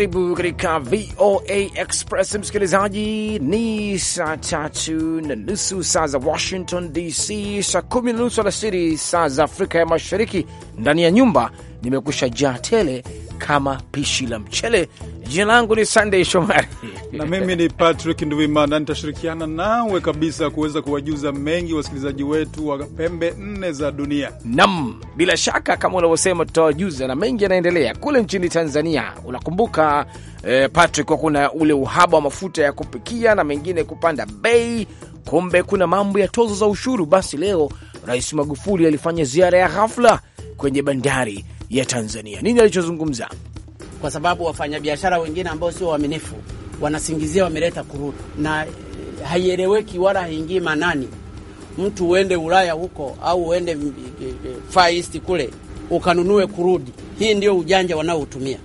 Karibu katika VOA Express msikilizaji, ni saa tatu na nusu saa za Washington DC, saa kumi na nusu alasiri saa za Afrika ya Mashariki, ndani ya nyumba nimekusha jaa tele kama pishi la mchele. Jina langu ni Sunday Shomari na mimi ni Patrick Nduimana. Nitashirikiana nawe kabisa kuweza kuwajuza mengi wasikilizaji wetu wa pembe nne za dunia. Nam, bila shaka kama unavyosema, tutawajuza na mengi yanaendelea kule nchini Tanzania. Unakumbuka eh, Patrick, kwa kuna ule uhaba wa mafuta ya kupikia na mengine kupanda bei, kumbe kuna mambo ya tozo za ushuru. Basi leo Rais Magufuli alifanya ziara ya ghafla kwenye bandari ya Tanzania. Nini alichozungumza? Kwa sababu wafanyabiashara wengine ambao sio waaminifu wanasingizia wameleta kurudi, na eh, haieleweki wala haingii manani. Mtu uende Ulaya huko au uende eh, eh, Far East kule ukanunue kurudi. Hii ndio ujanja wanaohutumia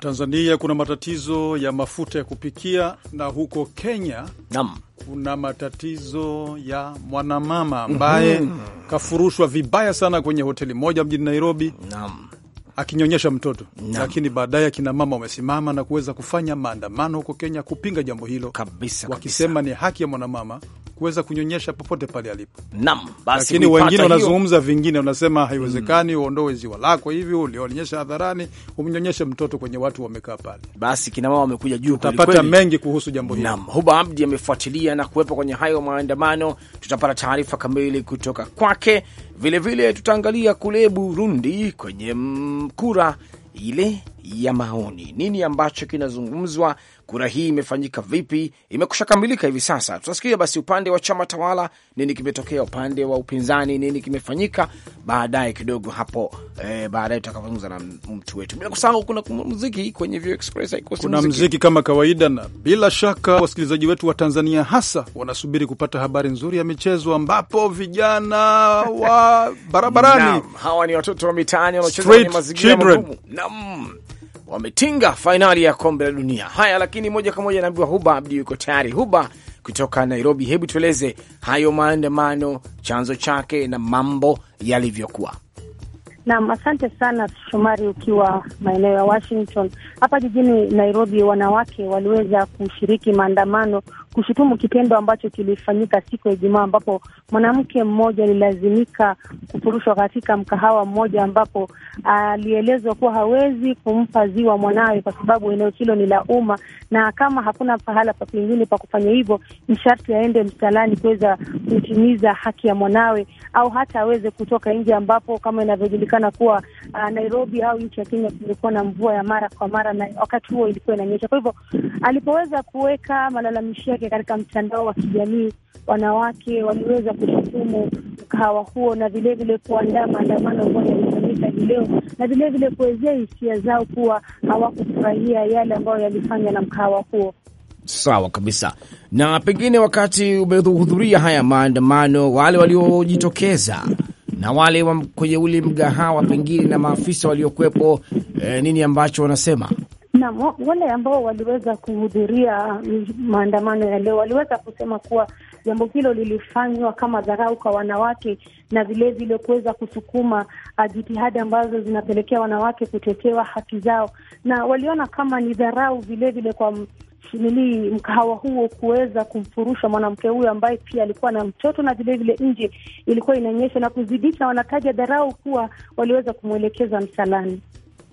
Tanzania kuna matatizo ya mafuta ya kupikia na huko Kenya Nam. kuna matatizo ya mwanamama ambaye mm -hmm. kafurushwa vibaya sana kwenye hoteli moja mjini Nairobi Nam akinyonyesha mtoto na, lakini baadaye akina mama wamesimama na kuweza kufanya maandamano huko Kenya kupinga jambo hilo kabisa, wakisema kabisa, ni haki ya mwanamama kuweza kunyonyesha popote pale alipo. Naam, basi lakini wengine wanazungumza vingine, wanasema haiwezekani, mm, uondoe ziwa lako hivi ulionyesha hadharani, umnyonyeshe mtoto kwenye watu wamekaa pale. Basi kina mama wamekuja juu, tutapata mengi kuhusu jambo hili. Naam, Huba Abdi amefuatilia na kuwepo kwenye hayo maandamano, tutapata taarifa kamili kutoka kwake. Vilevile tutaangalia kule Burundi kwenye kura ile ya maoni, nini ambacho kinazungumzwa kura hii imefanyika vipi, imekusha kamilika hivi sasa. Tutasikia basi upande wa chama tawala nini kimetokea, upande wa upinzani nini kimefanyika baadaye kidogo hapo eh, baadaye tutakapozungumza na mtu wetu. Bila kusahau kuna muziki kwenye View Express, kuna muziki, kama kawaida, na bila shaka wasikilizaji wetu wa Tanzania hasa wanasubiri kupata habari nzuri ya michezo, ambapo vijana wa barabarani hawa ni watoto wa mitaani wanaocheza kwenye mazingira magumu. Naam wametinga fainali ya kombe la dunia. Haya, lakini moja kwa moja naambiwa Huba Abdi yuko tayari. Huba kutoka Nairobi, hebu tueleze hayo maandamano, chanzo chake na mambo yalivyokuwa. Naam, asante sana Shomari, ukiwa maeneo ya Washington. Hapa jijini Nairobi, wanawake waliweza kushiriki maandamano kushutumu kitendo ambacho kilifanyika siku ya Ijumaa, ambapo mwanamke mmoja alilazimika kufurushwa katika mkahawa mmoja, ambapo alielezwa kuwa hawezi kumpa ziwa mwanawe kwa sababu eneo hilo ni la umma, na kama hakuna pahala pa pengine pa kufanya hivyo, ni sharti aende msalani kuweza kutimiza haki ya mwanawe, au hata aweze kutoka nje, ambapo kama inavyojulikana inasemekana kuwa uh, Nairobi au nchi ya Kenya kulikuwa na mvua ya mara kwa mara, na wakati huo ilikuwa inanyesha. Kwa hivyo alipoweza kuweka malalamishi yake katika mtandao wa kijamii, wanawake waliweza kushutumu mkahawa huo na vilevile kuandaa maandamano ambayo yalifanyika hii leo, na vilevile kuwezea hisia zao kuwa hawakufurahia yale ambayo yalifanywa na mkahawa huo. Sawa kabisa. Na pengine wakati umehudhuria haya maandamano, wale waliojitokeza na wale wa kwenye ule mgahawa pengine na maafisa waliokuwepo, eh, nini ambacho wanasema? Na wale ambao waliweza kuhudhuria maandamano ya leo waliweza kusema kuwa jambo hilo lilifanywa kama dharau kwa wanawake na vilevile kuweza kusukuma ah, jitihada ambazo zinapelekea wanawake kutetewa haki zao, na waliona kama ni dharau vilevile kwa nili mkahawa huo kuweza kumfurusha mwanamke huyo ambaye pia alikuwa na mtoto na vilevile nje ilikuwa inaonyesha na kuzidisha, wanataja dharau kuwa waliweza kumwelekeza msalani.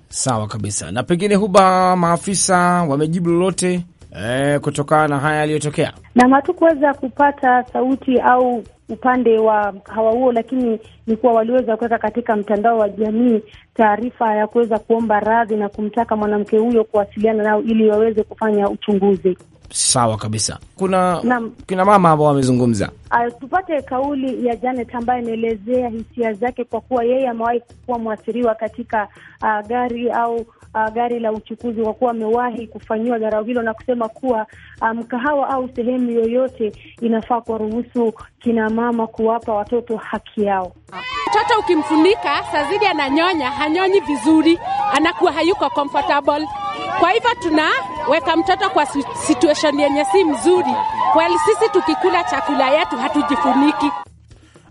Sawa kabisa. Na pengine huba maafisa wamejibu lolote? E, kutokana na haya yaliyotokea, na hatukuweza kupata sauti au upande wa mkahawa huo, lakini ni kuwa waliweza kuweka katika mtandao wa jamii taarifa ya kuweza kuomba radhi na kumtaka mwanamke huyo kuwasiliana nao ili waweze kufanya uchunguzi. Sawa kabisa. Kuna Nam. kina mama ambao wamezungumza, ah, tupate kauli ya Janet ambaye ameelezea hisia zake, kwa kuwa yeye amewahi kuwa mwathiriwa katika uh, gari au Uh, gari la uchukuzi kwa kuwa amewahi kufanyiwa dharau hilo, na kusema kuwa mkahawa um, au sehemu yoyote inafaa kuwaruhusu kina mama kuwapa watoto haki yao. Mtoto ukimfunika sazidi ananyonya, hanyonyi vizuri, anakuwa hayuko comfortable. Kwa hivyo tunaweka mtoto kwa situation yenye si mzuri. Well, sisi tukikula chakula yetu hatujifuniki.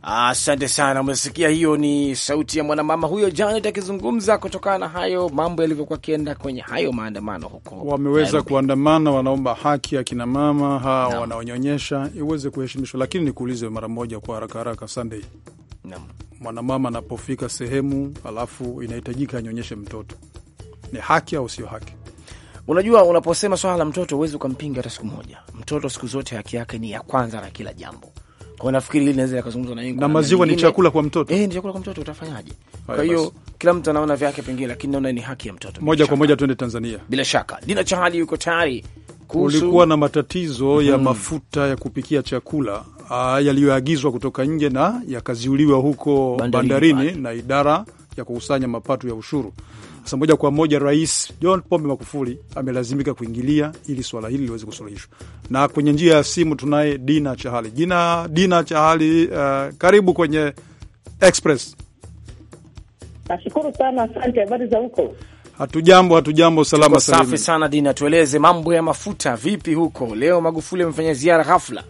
Asante sana. Umesikia, hiyo ni sauti ya mwanamama huyo Janet akizungumza kutokana na hayo mambo yalivyokuwa akienda kwenye hayo maandamano huko. Wameweza kuandamana, wanaomba haki ya kinamama hawa no. wanaonyonyesha iweze kuheshimishwa, lakini nikuulize mara moja kwa haraka haraka, Sunday mwanamama anapofika sehemu alafu inahitajika anyonyeshe mtoto, ni haki au sio haki? Unajua, unaposema swala la mtoto huwezi ukampinga hata siku moja. Mtoto siku zote haki yake ni ya kwanza na kila jambo. Kwa nafikiri hili naweza na wengi, na maziwa ni chakula kwa mtoto eh, ni chakula kwa mtoto, utafanyaje? Kwa hiyo kila mtu anaona vyake pengine, lakini naona ni haki ya mtoto. Moja kwa moja tuende Tanzania. Bila shaka, Dina Chahali yuko tayari kuhusu. Ulikuwa na matatizo ya hmm. mafuta ya kupikia chakula Ah, yaliyoagizwa kutoka nje na yakaziuliwa huko bandarini, bandarini na idara ya kukusanya mapato ya ushuru. Sasa moja kwa moja Rais John Pombe Magufuli amelazimika kuingilia ili swala hili liweze kusuluhishwa. Na kwenye njia ya simu tunaye Dina Chahali. Jina Dina Chahali, uh, karibu kwenye Express. Nashukuru sana, asante. Habari za huko? Hatujambo, hatujambo, salama. Safi sana Dina, tueleze mambo ya mafuta vipi huko leo? Magufuli amefanya ziara ghafla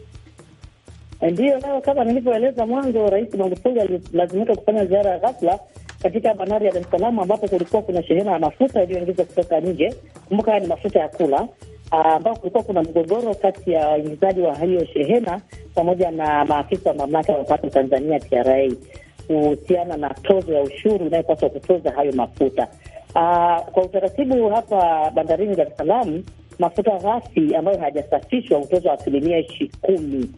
Ndiyo, leo kama nilivyoeleza mwanzo, Rais Magufuli alilazimika kufanya ziara ya ghafla katika bandari ya Dar es Salaam ambapo kulikuwa kuna shehena ya mafuta iliyoingizwa kutoka nje. Kumbuka haya ni mafuta ya kula, ah, ambao kulikuwa kuna mgogoro kati ya waingizaji wa hiyo shehena pamoja na maafisa wa mamlaka ya mapato Tanzania TRA kuhusiana na tozo ya ushuru inayopaswa kutoza hayo mafuta. Aa, ah, kwa utaratibu hapa bandarini Dar es Salaam mafuta ghafi ambayo hayajasafishwa hutozwa asilimia kumi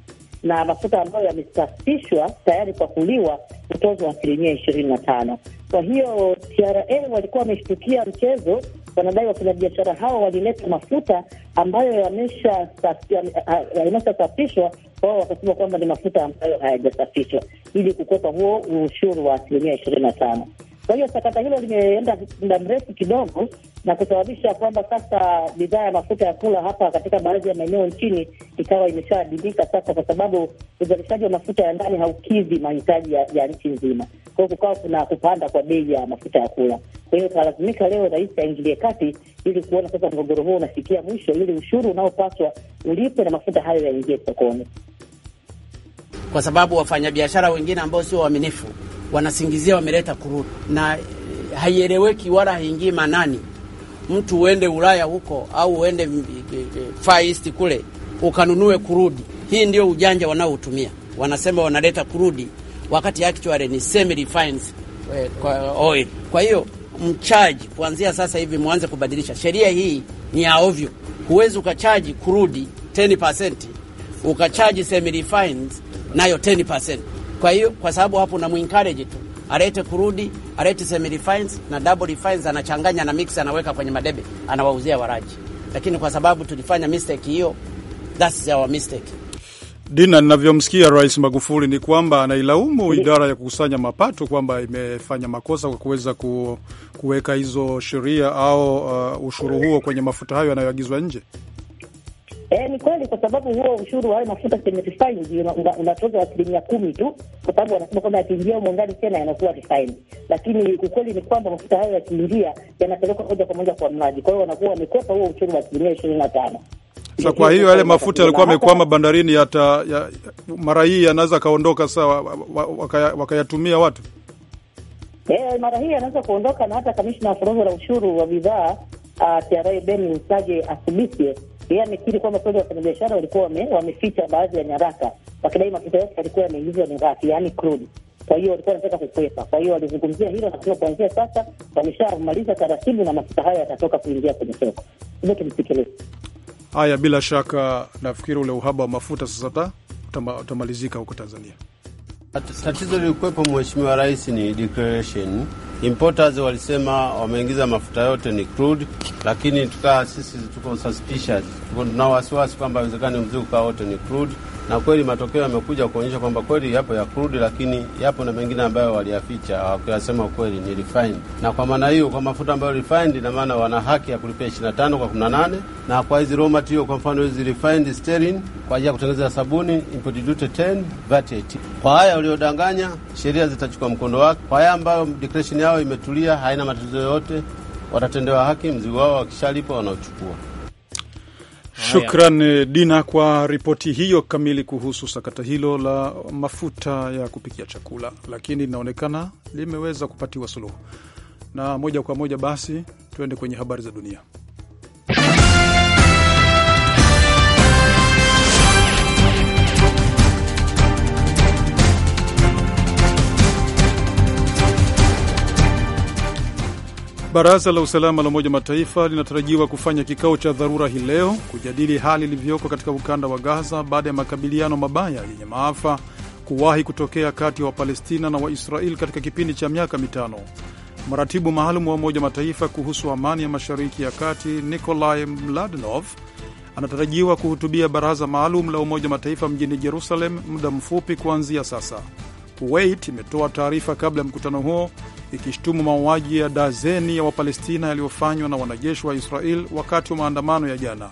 na mafuta ambayo yamesafishwa tayari kwa kuliwa wa asilimia ishirini na tano. Kwa hiyo TRA walikuwa wameshtukia mchezo, wanadai wafanyabiashara hao walileta mafuta ambayo yameshasafishwa, wao wakasema kwamba ni mafuta ambayo hayajasafishwa ili kukwepa huo ushuru wa asilimia ishirini na tano. Kwa hiyo sakata hilo limeenda muda mrefu kidogo na kusababisha kwamba sasa bidhaa ya mafuta ya kula hapa katika baadhi ya maeneo nchini ikawa imeshadilika sasa, kwa sababu uzalishaji wa mafuta ya ndani haukidhi mahitaji ya, ya nchi nzima. Kwa hiyo kukawa kuna kupanda kwa bei ya mafuta ya kula. Kwa hiyo ikalazimika leo rais aingilie kati ili kuona sasa mgogoro huo unafikia mwisho, ili ushuru unaopaswa ulipe na mafuta hayo yaingie sokoni, kwa sababu wafanyabiashara wengine ambao sio waaminifu wanasingizia wameleta kurudi, na eh, haieleweki wala haingii manani. Mtu uende Ulaya huko au uende eh, eh, Far East kule ukanunue kurudi. Hii ndio ujanja wanaohutumia, wanasema wanaleta kurudi, wakati actually ni semi refined oil. Kwa hiyo mchaji, kuanzia sasa hivi mwanze kubadilisha sheria hii, ni ya ovyo. Huwezi ukachaji kurudi 10% ukachaji semi refined nayo 10%. Kwa hiyo kwa sababu hapo na mwinkareji tu alete kurudi, alete semi refines na double refines, anachanganya na mix, anaweka kwenye madebe, anawauzia waraji. Lakini kwa sababu tulifanya mistake hiyo, that's our mistake. Dina, ninavyomsikia Rais Magufuli ni kwamba anailaumu idara ya kukusanya mapato kwamba imefanya makosa kwa kuweza ku, kuweka hizo sheria au uh, ushuru huo kwenye mafuta hayo yanayoagizwa nje. Eh, ni kweli kwa sababu huo ushuru wa mafuta kwenye 75 unatoza asilimia kumi tu, kwa sababu wanasema kwamba yakiingia humo ndani tena yanakuwa refined, lakini ukweli ni kwamba mafuta hayo yakiingia yanapelekwa moja kwa moja kwa mlaji, kwa hiyo wanakuwa wamekopa huo ushuru wa asilimia ishirini na tano. Sa, kwa hiyo yale mafuta yalikuwa yamekwama bandarini yata ya, mara hii yanaweza kaondoka sawa, wakayatumia waka watu eh, mara hii yanaweza kuondoka, na hata kamishna wa forodha la ushuru wa bidhaa uh, ah, TRA Ben Rusage athibitie yeye amekiri kwamba kweli wafanyabiashara walikuwa wame, wameficha baadhi ya nyaraka wakidai mafuta yote yalikuwa yameingizwa ni ghafi, yaani crude. Kwa hiyo walikuwa wanataka kukwepa. Kwa hiyo walizungumzia hilo, na kuanzia sasa wameshamaliza taratibu na mafuta hayo yatatoka kuingia kwenye soko. Hivyo tumsikilize. Haya, bila shaka nafikiri ule uhaba wa mafuta sasa utamalizika huko Tanzania. Tatizo lilikuwepo Mheshimiwa Rais ni declaration. Importers walisema wameingiza mafuta yote ni crude, lakini tukaa sisi tuko suspicious, tuna wasiwasi kwamba awezekani mzigo wote ni crude na kweli matokeo yamekuja kuonyesha kwamba kweli yapo ya kurudi, lakini yapo na mengine ambayo waliyaficha, wakiyasema kweli ni refined. Na kwa maana hiyo, kwa mafuta ambayo refined, ina maana wana haki ya kulipia 25 kwa 18, na kwa hizi raw material, kwa mfano hizi refined sterling kwa ajili ya kutengeneza sabuni, import duty 10, VAT Kwa haya waliodanganya, sheria zitachukua mkondo wake. Kwa haya ambayo declaration yao imetulia, haina matatizo yoyote, watatendewa haki, mzigo wao wakishalipa wanaochukua Shukran eh, Dina kwa ripoti hiyo kamili kuhusu sakata hilo la mafuta ya kupikia chakula, lakini linaonekana limeweza kupatiwa suluhu. Na moja kwa moja basi tuende kwenye habari za dunia. Baraza la usalama la Umoja Mataifa linatarajiwa kufanya kikao cha dharura hii leo kujadili hali ilivyoko katika ukanda wa Gaza baada ya makabiliano mabaya yenye maafa kuwahi kutokea kati ya wa Wapalestina na waisrael katika kipindi cha miaka mitano. Mratibu maalum wa Umoja Mataifa kuhusu amani ya Mashariki ya Kati Nikolai Mladenov anatarajiwa kuhutubia baraza maalum la Umoja Mataifa mjini Jerusalem muda mfupi kuanzia sasa. Kuwait imetoa taarifa kabla ya mkutano huo ikishtumu mauaji ya dazeni ya Wapalestina yaliyofanywa na wanajeshi wa Israel wakati wa maandamano ya jana.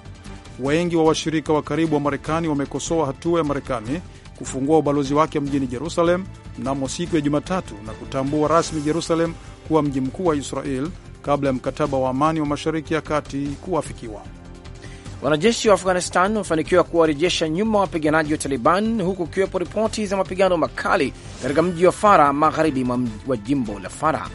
Wengi wa washirika wa karibu wa Marekani wamekosoa hatua ya Marekani kufungua ubalozi wake mjini Jerusalem mnamo siku ya Jumatatu na kutambua rasmi Jerusalem kuwa mji mkuu wa Israel kabla ya mkataba wa amani wa Mashariki ya Kati kuafikiwa. Wanajeshi wa Afghanistan wamefanikiwa kuwarejesha nyuma wapiganaji wa Taliban, huku ukiwepo ripoti za mapigano makali katika mji wa Fara, magharibi wa jimbo la Fara,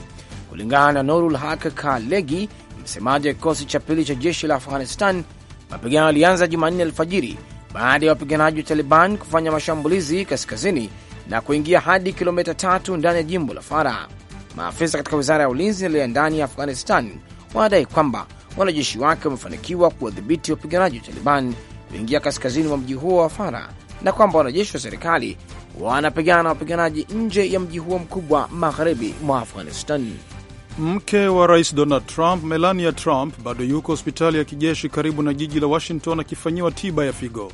kulingana na Norul Haq Kalegi, msemaji wa kikosi cha pili cha jeshi la Afghanistan. Mapigano yalianza Jumanne alfajiri baada ya wapiganaji wa Taliban kufanya mashambulizi kaskazini na kuingia hadi kilomita tatu ndani ya jimbo la Fara. Maafisa katika wizara ya ulinzi na ndani ya Afghanistan wanadai kwamba wanajeshi wake wamefanikiwa kuwadhibiti wapiganaji wa Taliban kuingia kaskazini mwa mji huo wa Fara na kwamba wanajeshi wa serikali wanapigana na wapiganaji nje ya mji huo mkubwa magharibi mwa Afghanistan. Mke wa rais Donald Trump, Melania Trump, bado yuko hospitali ya kijeshi karibu na jiji la Washington akifanyiwa tiba ya figo.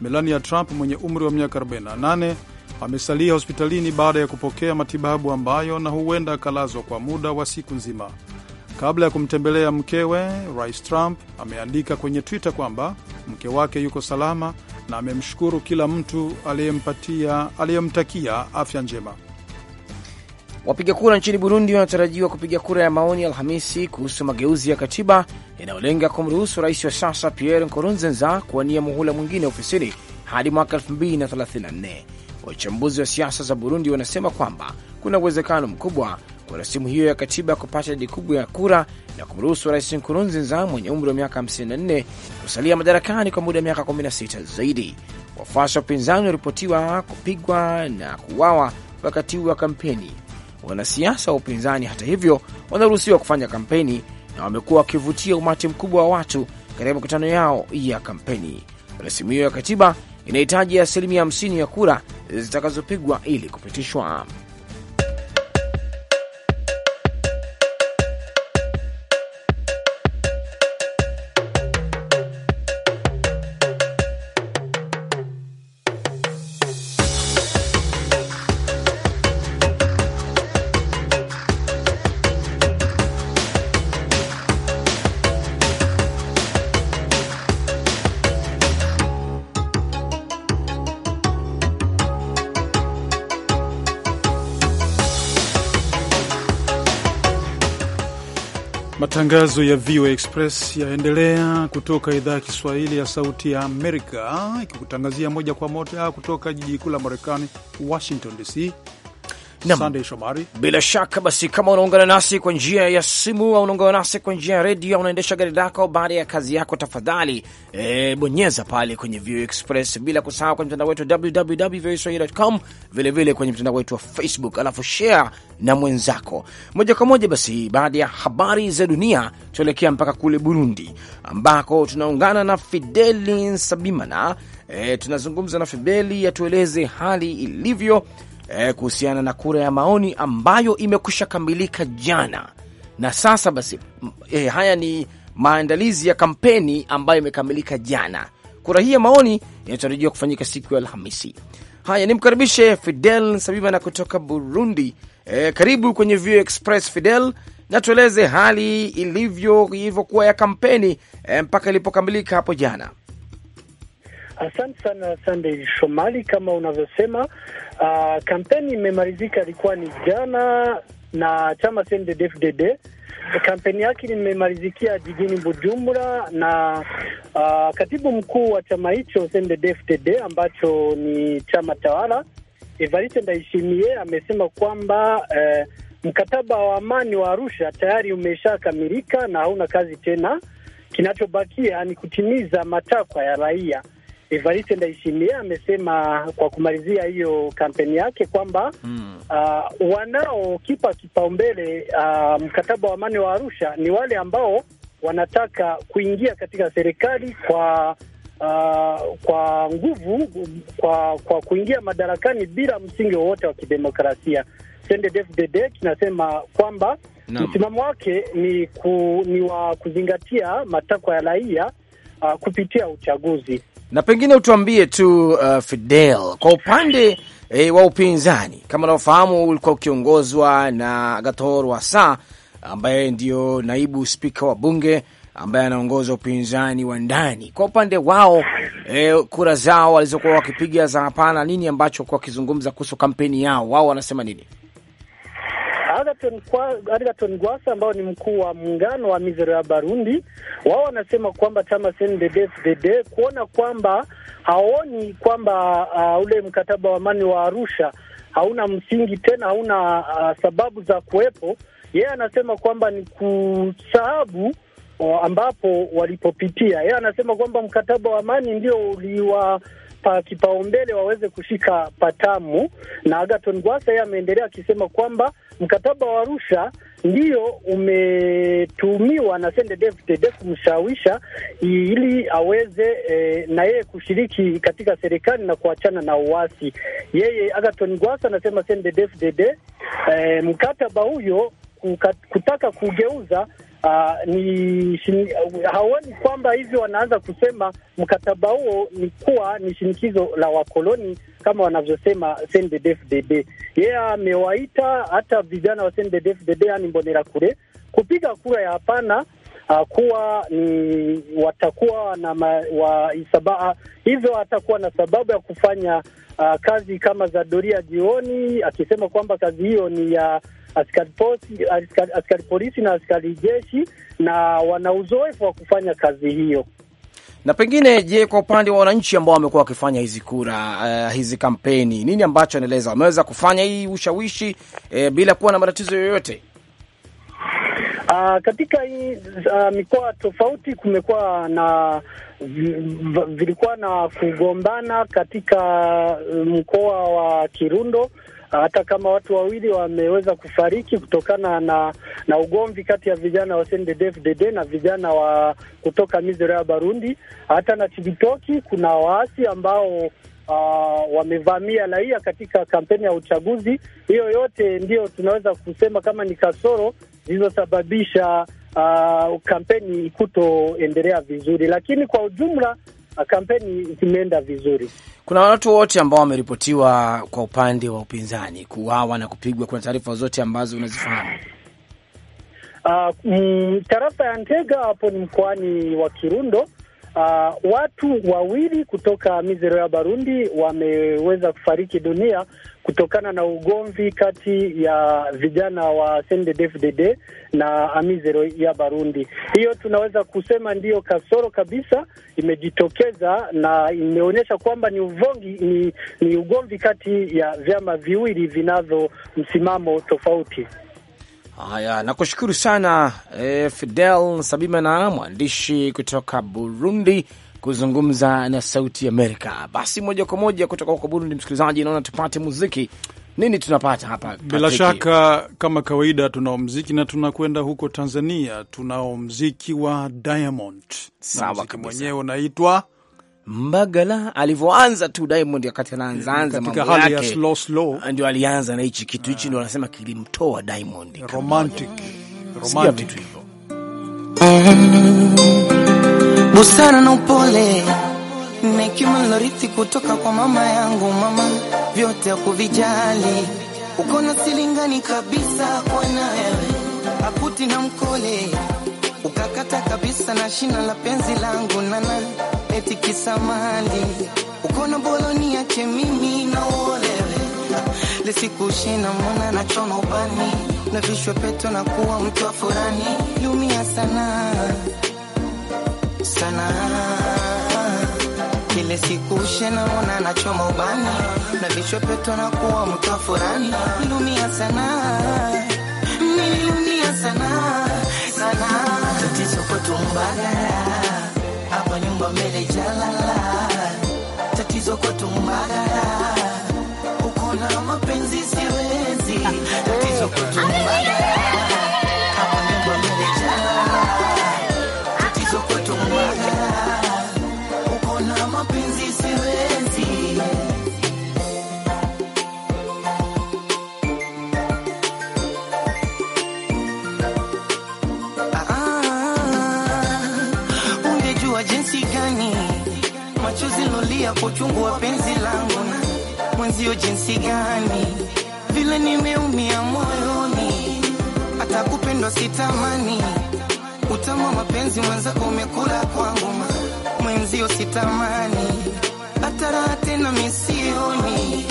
Melania Trump mwenye umri wa miaka 48 amesalia hospitalini baada ya kupokea matibabu ambayo na huenda akalazwa kwa muda wa siku nzima. Kabla ya kumtembelea mkewe, Rais Trump ameandika kwenye Twitter kwamba mke wake yuko salama na amemshukuru kila mtu aliyempatia aliyemtakia afya njema. Wapiga kura nchini Burundi wanatarajiwa kupiga kura ya maoni Alhamisi kuhusu mageuzi ya katiba yanayolenga kumruhusu rais wa sasa Pierre Nkurunziza kuwania muhula mwingine ofisini hadi mwaka 2034. Wachambuzi wa siasa za Burundi wanasema kwamba kuna uwezekano mkubwa Rasimu hiyo ya katiba kupata idadi kubwa ya kura na kumruhusu Rais Nkurunziza mwenye umri wa miaka 54 kusalia madarakani kwa muda wa miaka 16 zaidi. Wafuasi wa upinzani waripotiwa kupigwa na kuuawa wakati wa kampeni. Wanasiasa wa upinzani, hata hivyo, wanaruhusiwa kufanya kampeni na wamekuwa wakivutia umati mkubwa wa watu katika mikutano yao ya kampeni. Rasimu hiyo ya katiba inahitaji asilimia 50 ya kura zitakazopigwa ili kupitishwa. Matangazo ya VOA Express yaendelea kutoka idhaa ya Kiswahili ya Sauti ya Amerika, ikikutangazia moja kwa moja kutoka jiji kuu la Marekani, Washington DC. Sunday Shomari. Bila shaka basi, kama unaungana nasi kwa njia ya simu au unaungana nasi kwa njia ya redio, unaendesha gari lako baada ya kazi yako, tafadhali e, bonyeza pale kwenye View Express, bila kusahau kwenye mtandao wetu www.voaswahili.com, vile vile kwenye mtandao wetu wa Facebook, alafu share na mwenzako moja kwa moja. Basi baada ya habari za dunia, tuelekea mpaka kule Burundi ambako tunaungana na Fideli Sabimana. E, eh, tunazungumza na Fideli atueleze hali ilivyo eh, kuhusiana na kura ya maoni ambayo imekwisha kamilika jana, na sasa basi eh, haya ni maandalizi ya kampeni ambayo imekamilika jana. Kura hii ya maoni inatarajiwa kufanyika siku ya Alhamisi. Haya, nimkaribishe Fidel Sabibana kutoka Burundi. Eh, karibu kwenye Vio Express Fidel, na tueleze hali ilivyo ilivyokuwa ya kampeni eh, mpaka ilipokamilika hapo jana. Asante sana Sande Shomali, kama unavyosema, uh, kampeni imemalizika, ilikuwa ni jana na chama CNDD-FDD kampeni yake imemalizikia jijini Bujumbura, na uh, katibu mkuu wa chama hicho CNDD-FDD ambacho ni chama tawala Evariste Ndayishimiye amesema kwamba eh, mkataba wa amani wa Arusha tayari umeshakamilika na hauna kazi tena. Kinachobakia ni kutimiza matakwa ya raia. Evariste Ndayishimiye amesema kwa kumalizia hiyo kampeni yake kwamba mm. uh, wanaokipa kipaumbele uh, mkataba wa amani wa Arusha ni wale ambao wanataka kuingia katika serikali kwa uh, kwa nguvu kwa kwa kuingia madarakani bila msingi wowote wa kidemokrasia. CNDD-FDD kinasema kwamba no. msimamo wake ni, ku, ni wa kuzingatia matakwa ya raia uh, kupitia uchaguzi na pengine utuambie tu uh, Fidel, kwa upande eh, wa upinzani, kama unavyofahamu ulikuwa ukiongozwa na Agathon Rwasa ambaye ndio naibu spika wa bunge ambaye anaongoza upinzani wa ndani. Kwa upande wao eh, kura zao walizokuwa wakipiga za hapana, nini ambacho kwa wakizungumza kuhusu kampeni yao, wao wanasema nini? Agathon Gwasa ambao ni mkuu wa muungano wa Mizero Barundi, wao wanasema kwamba chama CNDD-FDD kuona kwamba haoni kwamba uh, ule mkataba wa amani wa Arusha hauna msingi tena, hauna uh, sababu za kuwepo. Yeye anasema kwamba ni kusahabu uh, ambapo walipopitia. Yeye anasema kwamba mkataba wa amani ndio uliwa pa kipaumbele waweze kushika patamu. Na agaton Gwasa yeye ameendelea akisema kwamba mkataba wa Arusha ndiyo umetumiwa na CNDD-FDD kumshawisha ili aweze e, na yeye kushiriki katika serikali na kuachana na uasi. Yeye agaton Gwasa anasema CNDD-FDD e, eh, mkataba huyo kutaka kugeuza Uh, ni haoni kwamba hivyo wanaanza kusema mkataba huo ni kuwa ni shinikizo la wakoloni kama wanavyosema CNDD-FDD. Yeye yeah, amewaita hata vijana wa CNDD-FDD, yani Mbonera kure kupiga kura ya hapana uh, kuwa ni watakuwa na ma, wa, ah, hivyo atakuwa na sababu ya kufanya uh, kazi kama za doria jioni, akisema kwamba kazi hiyo ni ya uh, askari polisi, askari, askari polisi na askari jeshi na wana uzoefu wa kufanya kazi hiyo. Na pengine je, kwa upande wa wananchi ambao wamekuwa wakifanya hizi kura uh, hizi kampeni, nini ambacho anaeleza wameweza kufanya hii ushawishi eh, bila kuwa na matatizo yoyote? Uh, katika hii uh, mikoa tofauti kumekuwa na vilikuwa na kugombana katika eh, mkoa wa Kirundo hata kama watu wawili wameweza kufariki kutokana na na ugomvi kati ya vijana wa CNDD-FDD na vijana wa kutoka Mizero ya Barundi. Hata na Chibitoki kuna waasi ambao Uh, wamevamia raia katika kampeni ya uchaguzi. Hiyo yote ndiyo tunaweza kusema kama ni kasoro zilizosababisha uh, kampeni ikutoendelea vizuri, lakini kwa ujumla kampeni zimeenda vizuri. Kuna watu wote ambao wameripotiwa kwa upande wa upinzani kuuawa na kupigwa, kuna taarifa zote ambazo unazifahamu? Uh, tarafa ya Ntega hapo ni mkoani wa Kirundo. Uh, watu wawili kutoka Mizero ya Barundi wameweza kufariki dunia kutokana na ugomvi kati ya vijana wa CNDD-FDD na Amizero ya Barundi. Hiyo tunaweza kusema ndiyo kasoro kabisa imejitokeza na imeonyesha kwamba ni uvongi, ni, ni ugomvi kati ya vyama viwili vinavyo msimamo tofauti. Haya, nakushukuru sana eh, Fidel Sabimana mwandishi kutoka Burundi kuzungumza na Sauti Amerika. Basi moja kwa moja kutoka huko Burundi, msikilizaji, naona tupate muziki. Nini tunapata hapa? Bila shaka kama kawaida, tunao mziki na tunakwenda huko Tanzania. Tunao mziki wa Diamond. Sawa, mwenyewe unaitwa Mbagala. Alivyoanza tu Diamond, wakati anaanzaanza mambo yake slow slow, ndio alianza na hichi kitu hichi, ah. ndio anasema kilimtoa Diamond romantic, romantic hivyo ah busara na upole na hekima kutoka kwa mama yangu. Mama vyote ya kuvijali, uko na silingani kabisa kwanawe akuti na mkole, ukakata kabisa na shina la penzi langu nana eti kisamali, uko na boloni yake mimi na uolewe lisikushina mwana na choma ubani na vishwa peto na kuwa mtu wa furani lumia sana kukutana kile siku ushe ushenaona nachoma ubana na vichwapeto na kuwa mtu furani nilumia sana nilumia sana sana tatizo kwetu mbagala hapa nyumba mbele jalala tatizo kwetu mbagala Ah, jinsi gani machozi lolia kwa langu na mwenzio, jinsi gani vile nimeumia moyoni, hata kupendwa sitamani. utama mapenzi mwanza umekula kwangu, mwenzio sitamani tarate na misioni.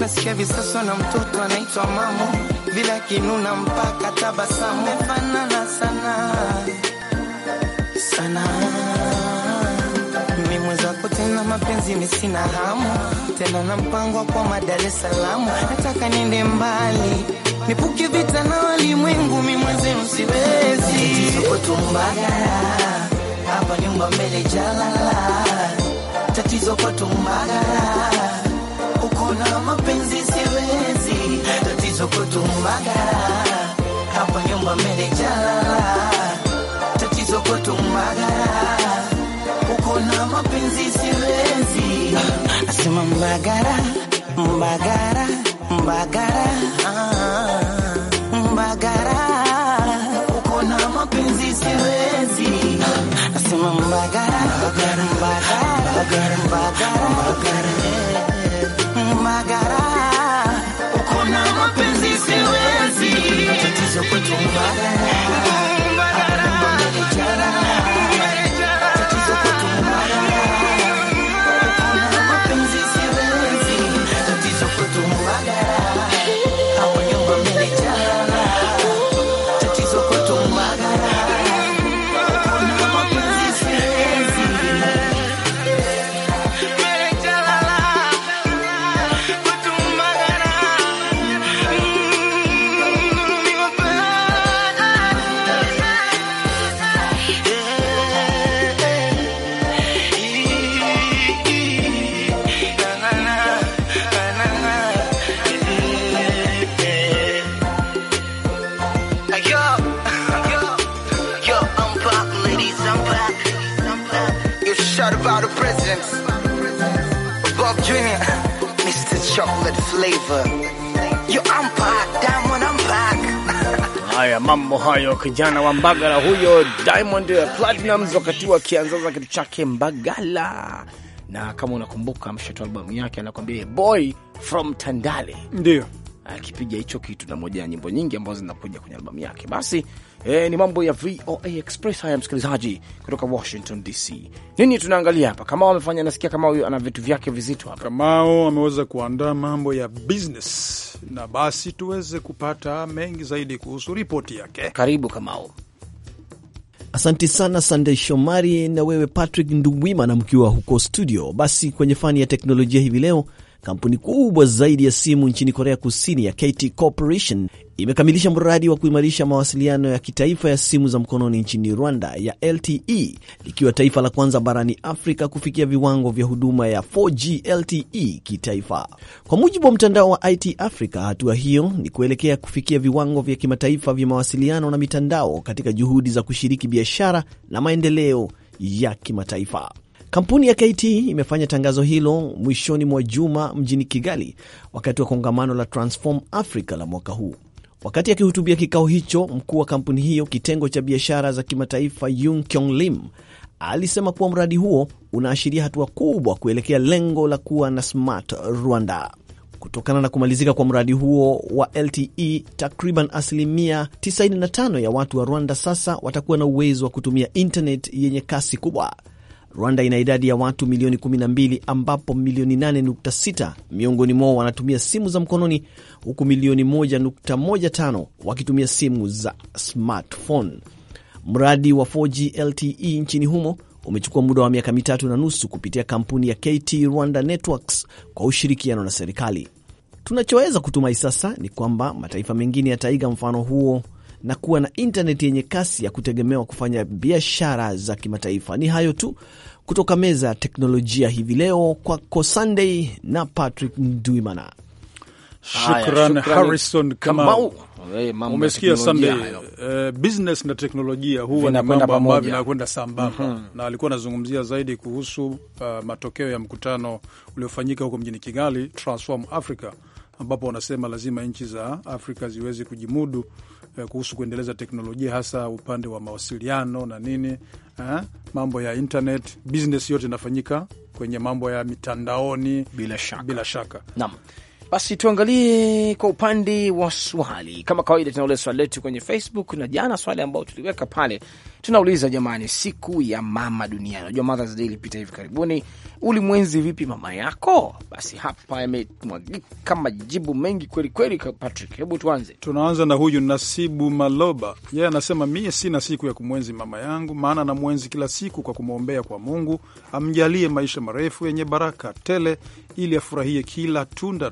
Nasikia visasa na mtoto anaitwa mamo, vila kinuna mpaka tabasamu, mefanana sana sana mwenzako tena, mapenzi misina hamu tena, na mpango kwa madare salamu, nataka niende mbali, nipuke vita na walimwengu, mi mwenze msiwezi. Tuko tumbagara hapa nyumba mbele jalala tatizo kwa tumbagara, uko na mapenzi siwezi, tatizo kwa tumbagara, hapa nyumba melejalala, tatizo kwa tumbagara, uko na mapenzi siwezi, asema mbagara, mbagara, mbagara, mbagara, uko na mapenzi siwezi membakar membakar mapenzi siwezi tatizo kwetu mbagara kijana wa Mbagala huyo Diamond Platnumz, wakati huu akianzaza kitu chake Mbagala na kama unakumbuka mshato albamu yake anakwambia boy from Tandale, ndio akipiga hicho kitu na moja ya nyimbo nyingi ambazo zinakuja kwenye albamu yake. Basi eh, ni mambo ya VOA Express haya, msikilizaji kutoka Washington DC. Nini tunaangalia hapa? Kamao amefanya, nasikia kama huyu ana vitu vyake vizito hapa. Kamao ameweza kuandaa mambo ya business, na basi tuweze kupata mengi zaidi kuhusu ripoti yake. Karibu Kamao. Asanti sana Sandey Shomari na wewe Patrick Nduwima na mkiwa huko studio. Basi kwenye fani ya teknolojia hivi leo Kampuni kubwa zaidi ya simu nchini Korea Kusini ya KT Corporation imekamilisha mradi wa kuimarisha mawasiliano ya kitaifa ya simu za mkononi nchini Rwanda ya LTE, likiwa taifa la kwanza barani Afrika kufikia viwango vya huduma ya 4G LTE kitaifa. Kwa mujibu wa mtandao wa IT Africa, hatua hiyo ni kuelekea kufikia viwango vya kimataifa vya mawasiliano na mitandao katika juhudi za kushiriki biashara na maendeleo ya kimataifa. Kampuni ya KT imefanya tangazo hilo mwishoni mwa juma mjini Kigali, wakati wa kongamano la Transform Africa la mwaka huu. Wakati akihutubia kikao hicho, mkuu wa kampuni hiyo kitengo cha biashara za kimataifa Yung Kyong Lim alisema kuwa mradi huo unaashiria hatua kubwa kuelekea lengo la kuwa na smart Rwanda. Kutokana na kumalizika kwa mradi huo wa LTE, takriban asilimia 95 ya watu wa Rwanda sasa watakuwa na uwezo wa kutumia internet yenye kasi kubwa, Rwanda ina idadi ya watu milioni 12 ambapo milioni 8.6 miongoni mwao wanatumia simu za mkononi huku milioni 1.15 wakitumia simu za smartphone. Mradi wa 4G LTE nchini humo umechukua muda wa miaka mitatu na nusu kupitia kampuni ya KT Rwanda Networks kwa ushirikiano na serikali. Tunachoweza kutumai sasa ni kwamba mataifa mengine yataiga mfano huo na kuwa na intaneti yenye kasi ya kutegemewa kufanya biashara za kimataifa. Ni hayo tu kutoka meza ya teknolojia hivi leo, kwako Sunday na Patrick Ndwimana. Shukran Harrison Kamau. Umesikia Sunday, uh, business na teknolojia huwa ni mambo ambayo vinakwenda sambamba mm -hmm. Na alikuwa anazungumzia zaidi kuhusu uh, matokeo ya mkutano uliofanyika huko mjini Kigali, Transform Africa, ambapo wanasema lazima nchi za Afrika ziweze kujimudu Eh, kuhusu kuendeleza teknolojia hasa upande wa mawasiliano na nini ha? Eh, mambo ya internet business yote inafanyika kwenye mambo ya mitandaoni bila shaka, bila shaka. Naam. Basi tuangalie kwa upande wa swali kama kawaida, tunauliza swali letu kwenye Facebook na jana swali ambao tuliweka pale tunauliza jamani, siku ya mama duniani, unajua Mother's Day ilipita hivi karibuni, ulimwenzi vipi mama yako? Basi hapa yamemwagika majibu mengi kweli kweli. Patrick, hebu tuanze. Tunaanza na huyu Nasibu Maloba, yeye anasema mie sina siku ya kumwenzi mama yangu, maana namwenzi kila siku kwa kumwombea kwa Mungu amjalie maisha marefu yenye baraka tele, ili afurahie kila tunda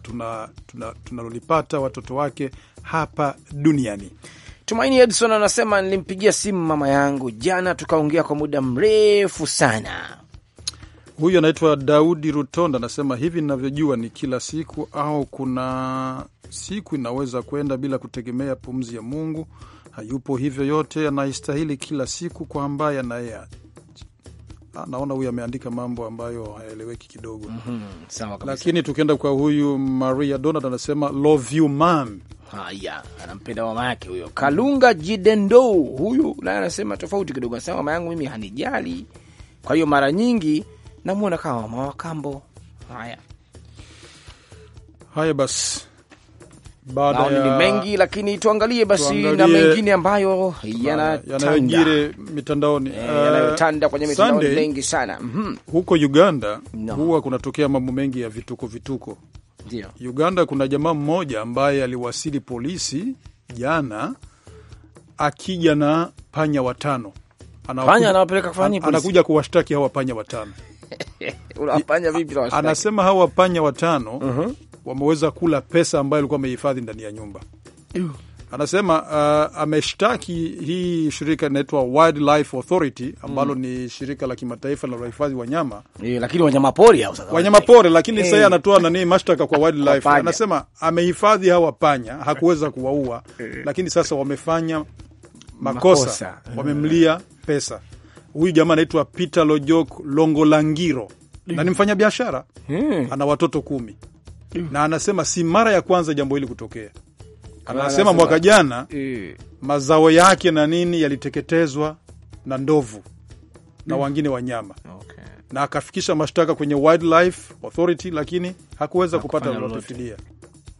tunalolipata tuna, tuna watoto wake hapa duniani. Tumaini Edson anasema nilimpigia simu mama yangu jana, tukaongea kwa muda mrefu sana. Huyu anaitwa Daudi Rutonda, anasema hivi ninavyojua ni kila siku au kuna siku inaweza kwenda bila kutegemea pumzi ya Mungu. Hayupo hivyo, yote anaistahili kila siku kwa ambaye anayeacha Naona huyu ameandika mambo ambayo hayaeleweki kidogo. mm -hmm. Sawa kabisa. Lakini tukienda kwa huyu Maria Donald anasema love you Haya, anampenda mama yake huyo. Kalunga Jidendo huyu naye anasema tofauti kidogo, anasema mama yangu mimi hanijali, kwa hiyo mara nyingi namwona kama mama wa kambo. Haya haya, basi baada ya... ni mengi lakini tuangalie basi tuangalie... na mengine ambayo yanayojiri mitandaoni e, yanayotanda kwenye mitandao mengi sana mm -hmm. Huko Uganda no. Huwa kunatokea mambo mengi ya vituko vituko ndio. Uganda kuna jamaa mmoja ambaye aliwasili polisi jana akija na panya watano anakuja, anakuja kuwashtaki hawa panya watano vipi na anasema hawa panya watano uh mhm. -huh. wameweza kula pesa ambayo alikuwa amehifadhi ndani ya nyumba uh anasema uh, ameshtaki hii shirika inaitwa Wildlife Authority ambalo mm. ni shirika la kimataifa la uhifadhi wanyama e, lakini wanyama pori au sasa wanyama pori lakini e. Sasa anatoa nani mashtaka kwa Wildlife kwa anasema amehifadhi hawa panya hakuweza kuwaua e. Lakini sasa wamefanya makosa, makosa. Wamemlia e. pesa huyu jamaa anaitwa Peter Lojok Longolangiro e. na ni mfanya biashara e. ana watoto kumi e. na anasema si mara ya kwanza jambo hili kutokea anasema mwaka jana e, mazao yake na nini yaliteketezwa na ndovu na mm, wengine wanyama okay, na akafikisha mashtaka kwenye Wildlife Authority lakini hakuweza na kupata lolote fidia.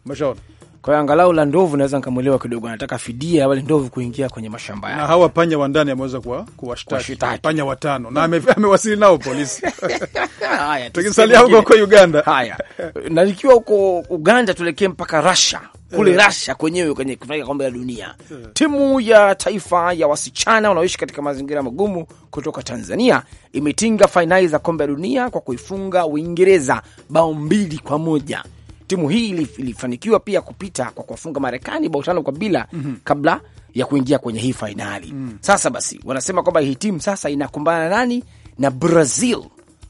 Umeshaona? Kwa hiyo angalau la ndovu naweza nikamuelewa kidogo, anataka fidia wale ndovu kuingia kwenye mashamba yake. Na hawa panya wa ndani ameweza kuwashtaki panya watano na amewasili nao polisi. Haya, tukisalia huko huko Uganda. Haya, na huko Uganda tuelekee mpaka Russia kule Russia kwenyewe kwenye kufanyika kombe la dunia. Timu ya taifa ya wasichana wanaoishi katika mazingira magumu kutoka Tanzania imetinga fainali za kombe la dunia kwa kuifunga Uingereza bao mbili kwa moja. Timu hii ilifanikiwa pia kupita kwa kuwafunga Marekani bao tano kwa bila mm -hmm. kabla ya kuingia kwenye hii fainali mm. Sasa basi wanasema kwamba hii timu sasa inakumbana nani na Brazil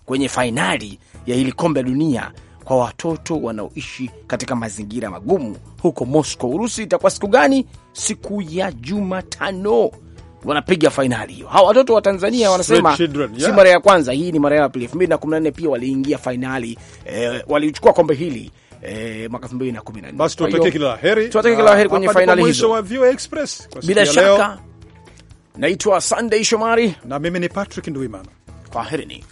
kwenye fainali ya hili kombe la dunia kwa watoto wanaoishi katika mazingira magumu huko Moscow, Urusi. Itakuwa siku gani? Siku ya Jumatano wanapiga fainali hiyo. Hawa watoto wa Tanzania wanasema Si mara ya kwanza, hii ni mara ya pili. elfu mbili na kumi na nne pia waliingia fainali eh, walichukua kombe hili eh, mwaka elfu mbili na kumi na nne. Basi tuwatakie kila la heri, tuwatakie kila la heri ah, kwenye fainali hizo bila shaka. Naitwa Sunday Shomari na mimi ni Patrick Ndwimana, kwaherini.